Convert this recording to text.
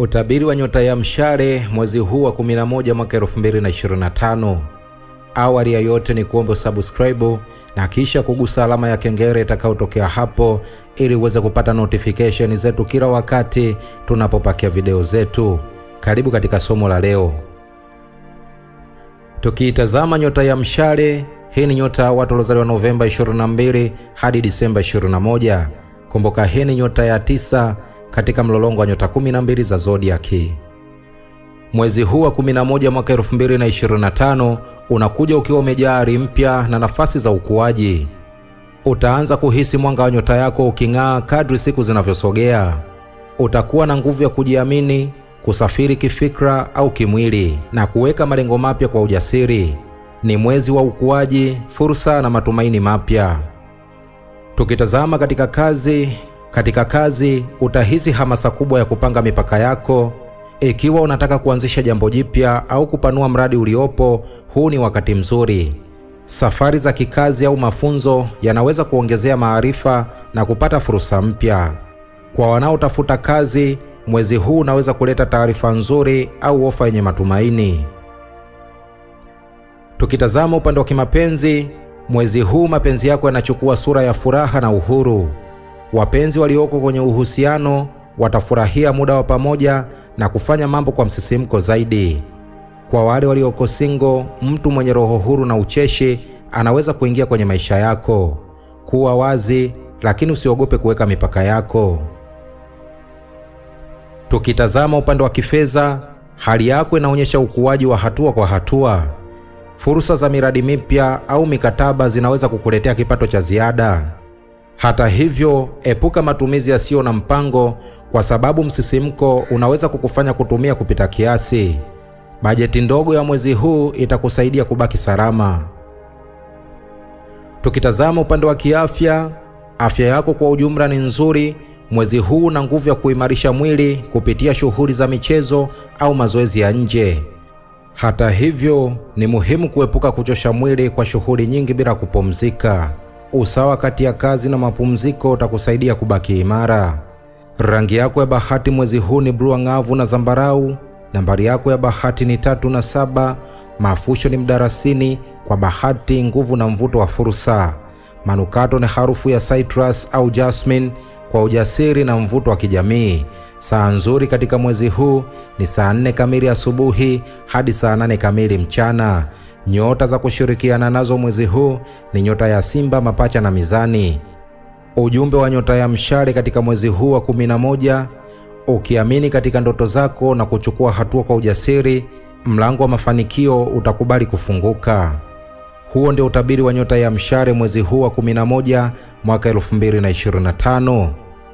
Utabiri wa nyota ya mshale mwezi huu wa 11 mwaka 2025. Awali ya yote ni kuomba subscribe na kisha kugusa alama ya kengele itakayotokea hapo ili uweze kupata notification zetu kila wakati tunapopakia video zetu. Karibu katika somo la leo. Tukiitazama nyota ya mshale, hii ni nyota ya watu waliozaliwa Novemba 22 hadi Disemba 21. Kumbuka hii ni nyota ya tisa katika mlolongo wa nyota 12 za zodiaki. Mwezi huu wa 11 mwaka 2025 unakuja ukiwa umejaa ari mpya na nafasi za ukuaji. Utaanza kuhisi mwanga wa nyota yako uking'aa kadri siku zinavyosogea. Utakuwa na nguvu ya kujiamini, kusafiri kifikra au kimwili, na kuweka malengo mapya kwa ujasiri. Ni mwezi wa ukuaji, fursa na matumaini mapya. Tukitazama katika kazi, katika kazi utahisi hamasa kubwa ya kupanga mipaka yako. Ikiwa unataka kuanzisha jambo jipya au kupanua mradi uliopo, huu ni wakati mzuri. Safari za kikazi au mafunzo yanaweza kuongezea maarifa na kupata fursa mpya. Kwa wanaotafuta kazi, mwezi huu unaweza kuleta taarifa nzuri au ofa yenye matumaini. Tukitazama upande wa kimapenzi, mwezi huu mapenzi yako yanachukua sura ya furaha na uhuru. Wapenzi walioko kwenye uhusiano watafurahia muda wa pamoja na kufanya mambo kwa msisimko zaidi. Kwa wale walioko singo, mtu mwenye roho huru na ucheshi anaweza kuingia kwenye maisha yako. Kuwa wazi, lakini usiogope kuweka mipaka yako. Tukitazama upande wa kifedha, hali yako inaonyesha ukuaji wa hatua kwa hatua. Fursa za miradi mipya au mikataba zinaweza kukuletea kipato cha ziada. Hata hivyo, epuka matumizi yasiyo na mpango, kwa sababu msisimko unaweza kukufanya kutumia kupita kiasi. Bajeti ndogo ya mwezi huu itakusaidia kubaki salama. Tukitazama upande wa kiafya, afya yako kwa ujumla ni nzuri mwezi huu na nguvu ya kuimarisha mwili kupitia shughuli za michezo au mazoezi ya nje. Hata hivyo, ni muhimu kuepuka kuchosha mwili kwa shughuli nyingi bila kupumzika. Usawa kati ya kazi na mapumziko utakusaidia kubaki imara. Rangi yako ya bahati mwezi huu ni blue ngavu na zambarau. Nambari yako ya bahati ni tatu na saba. Mafusho ni mdarasini. Kwa bahati, nguvu na mvuto wa fursa. Manukato ni harufu ya citrus au jasmine kwa ujasiri na mvuto wa kijamii. Saa nzuri katika mwezi huu ni saa nne kamili asubuhi hadi saa nane kamili mchana. Nyota za kushirikiana nazo mwezi huu ni nyota ya Simba, mapacha na mizani. Ujumbe wa nyota ya mshale katika mwezi huu wa 11: ukiamini katika ndoto zako na kuchukua hatua kwa ujasiri, mlango wa mafanikio utakubali kufunguka. Huo ndio utabiri wa nyota ya mshale mwezi huu wa 11 mwaka 2025